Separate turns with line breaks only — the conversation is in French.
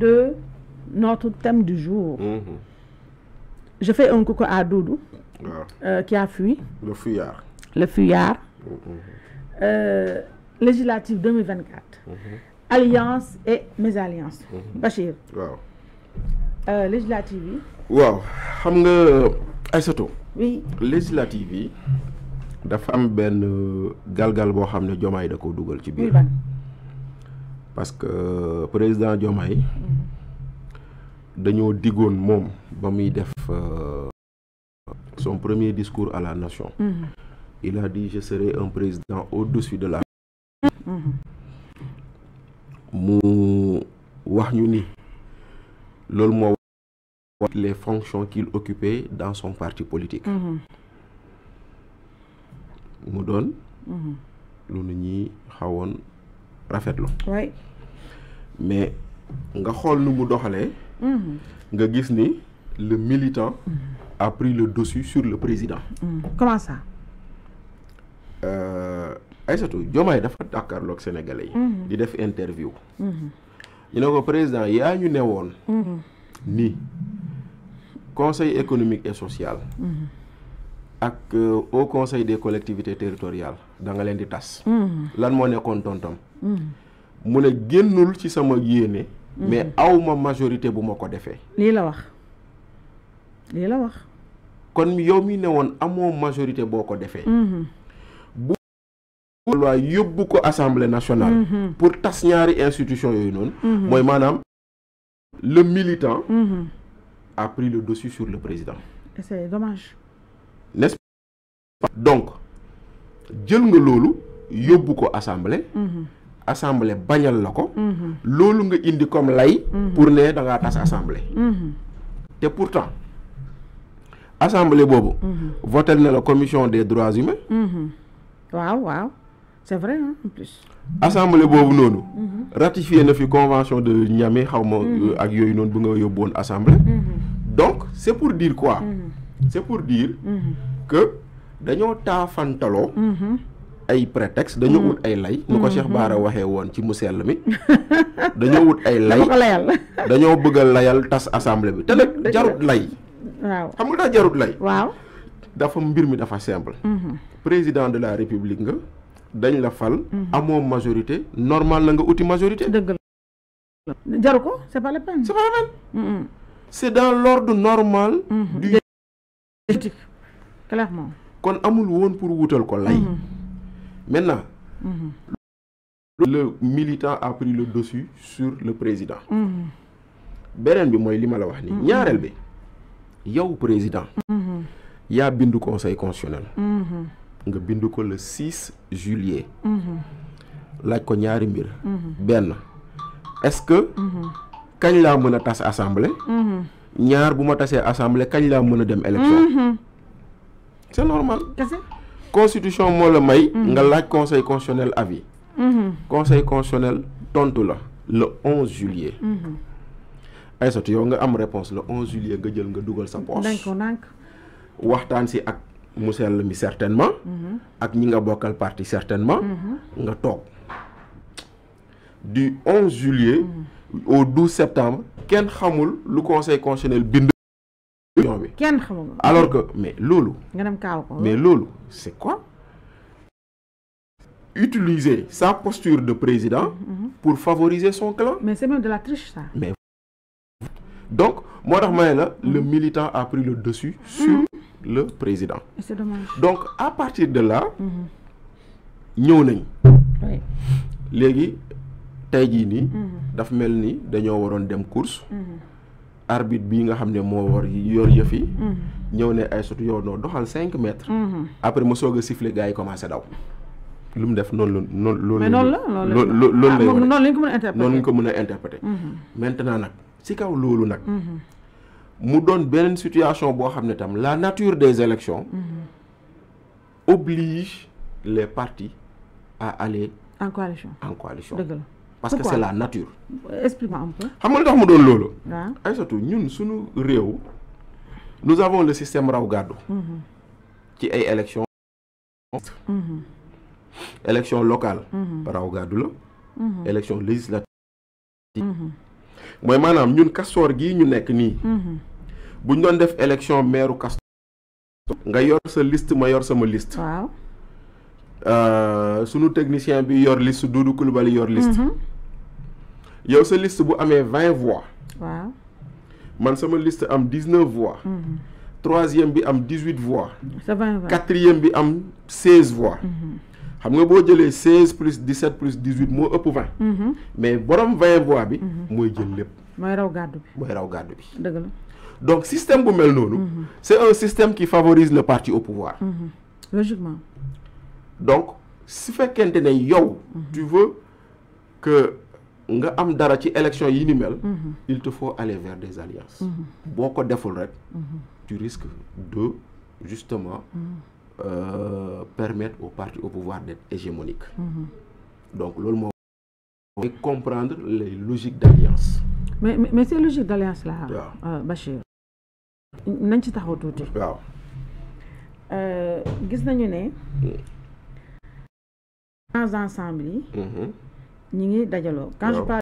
de notre thème du jour. Mhm. Je fais un coucou à Doudou, ah. euh, qui a fui.
Le fuyard. Le fuyard. Mhm.
euh, législative 2024. Mhm. Alliance et mes alliances. Bachir. Wow. Euh, législative.
Wow. Aïssato. Oui. Législative. Da am ben galgal bo xam ne da koo ci parce que le président Diomaye dañoo digone mom def euh, son premier discours à la nation mm-hmm. il a dit je serai un président au-dessus de la mm-hmm. mu wax ñu ni les fonctions qu'il occupait dans son parti politique mm-hmm. mu doon lu ñi mais nga mm-hmm. le militant. Mm-hmm. a pris le dessus sur le président.
Mm-hmm. comment ça.
Euh, suis dafa lok sénégalais di def interview.
ñu
président ya ñu une ni conseil économique et social. ak euh, au conseil des collectivités territoriales da nga len di tas. lan mu ne génnul ci sama yéene. Mhm. mais awma majorité bu ma ko defee.
lii la wax lii la wax.
kon yow mi ne woon amoo majorité boo ko defee. Mhm. bu loi yóbbu ko assemblée nationale. Mhm. pour tas ñaari institution yooyu noonu. mooy maanaam le militant. a pris le dessus sur le président.
c'est dommage.
n'est-ce pas donc jël nga loolu yóbbu ko assemblée assemblée bañal la ko mhm. nga indi comme lay mhm. pour né da nga assemblée mhm. et pourtant assemblée bobo, votel na la commission des droits humains
waaw waaw c'est vrai hein, en plus assemblée bobo nono, Ratifier
na fi convention de Niamey xawma euh, ak yoy non bu assemblée donc c'est pour dire quoi c'est pour dire que ta taafantaloo ay prétexte dañu wut mm. ay lay nu ko mm-hmm. Cheikh bara waxee won ci mu mi dañu wut ay lay dañu bëgg layal tas assemblée bi té nak jarut lay waaw xam nga da jarut lay waaw dafa mbir mi dafa simple mm-hmm. président de la république nga dañ la fal mm-hmm. amo majorité normal na nga uti majorité dëgg la jaru ko c'est pas la peine c'est pas la peine c'est dans l'ordre normal du clairement kon amul won pour woutal ko lay Maintenant, mm le militant a pris le dessus sur le président. beneen bi moy li ma la wax ni ñaarel bi yow président. yaa bindu conseil constitutionnel. nga bindu ko le 6 juillet. laaj ko ñaari mbir. Ben, est-ce que. kañ la a a tas assemblée. ñaar buma ma assemblée kañ la mën a dem élection. Mhm. c'est normal constitution moo la may. Mm-hmm. nga laaj conseil constitutionnel avis. Mm-hmm. conseil constitutionnel tontu la le 11 juillet. Mm-hmm. Aïssatou yow nga am réponse le 11 juillet nga jël nga dugal sa poche. waxtaan si ak musel mi certainement. ak ñi nga bokkal parti certainement. nga toog du 11 juillet. au 12 septembre kenn xamul le conseil constitutionnel bind alors que mais loulou
mais
loulou c'est quoi. utiliser sa posture de président. Mm-hmm. pour favoriser son clan.
mais c'est même de la triche ça.
mais donc moi le mm-hmm. militant a pris le dessus sur mm-hmm. le président. donc à partir de là. nous nañ. dit, Dafmelni, jii daf mel course arbitre bi nga xamné mhm. mètres. Mhm. après mo siffler commencé daw. non non non la interpréter maintenant la nature des élections mhm. oblige les partis à aller. en coalition parce que c'est la nature.
explique-moi un peu.
Je ne sais pas si tu as dit ça. surtout nous suñu réew. nous avons le système raw qui mhm. ci ay élections. Mhm. élection locale. Mhm. raw gàddu la. élection législative. mooy maanaam ñun kastoor gii ñu nekk nii.
Si
nous avons def élection maire kastoor. nga yor sa liste ma yor sama liste. waaw. Euh, nous technicien bi yor liste Doudou Coulibaly yor liste y a une liste qui a 20 voix. Wow. Moi, ma liste a 19 voix. Mhm. Troisième, elle a 18 voix. Quatrième, elle a 16 voix. Mm -hmm. Je 16 plus 17 plus 18, c'est plus 20. Mais si a 20 voix, c'est plus 20. C'est plus 20. Donc, le système que nous avons, mhm. c'est un système qui favorise le parti au pouvoir. Mhm. Logiquement. Donc, si tu veux que nga am dara ci élection yi ni mel mhm. il te faut aller vers des alliances mhm. boko deful mhm. tu risques de justement euh, permettre au parti au pouvoir d'être hégémonique donc lol mo et comprendre les logiques d'alliance
mais mais, c'est ces logiques d'alliance là euh, Bachir nañ ci taxaw touti waaw euh, gis nañu né mm. dans ensemble 人家大约六，刚十八。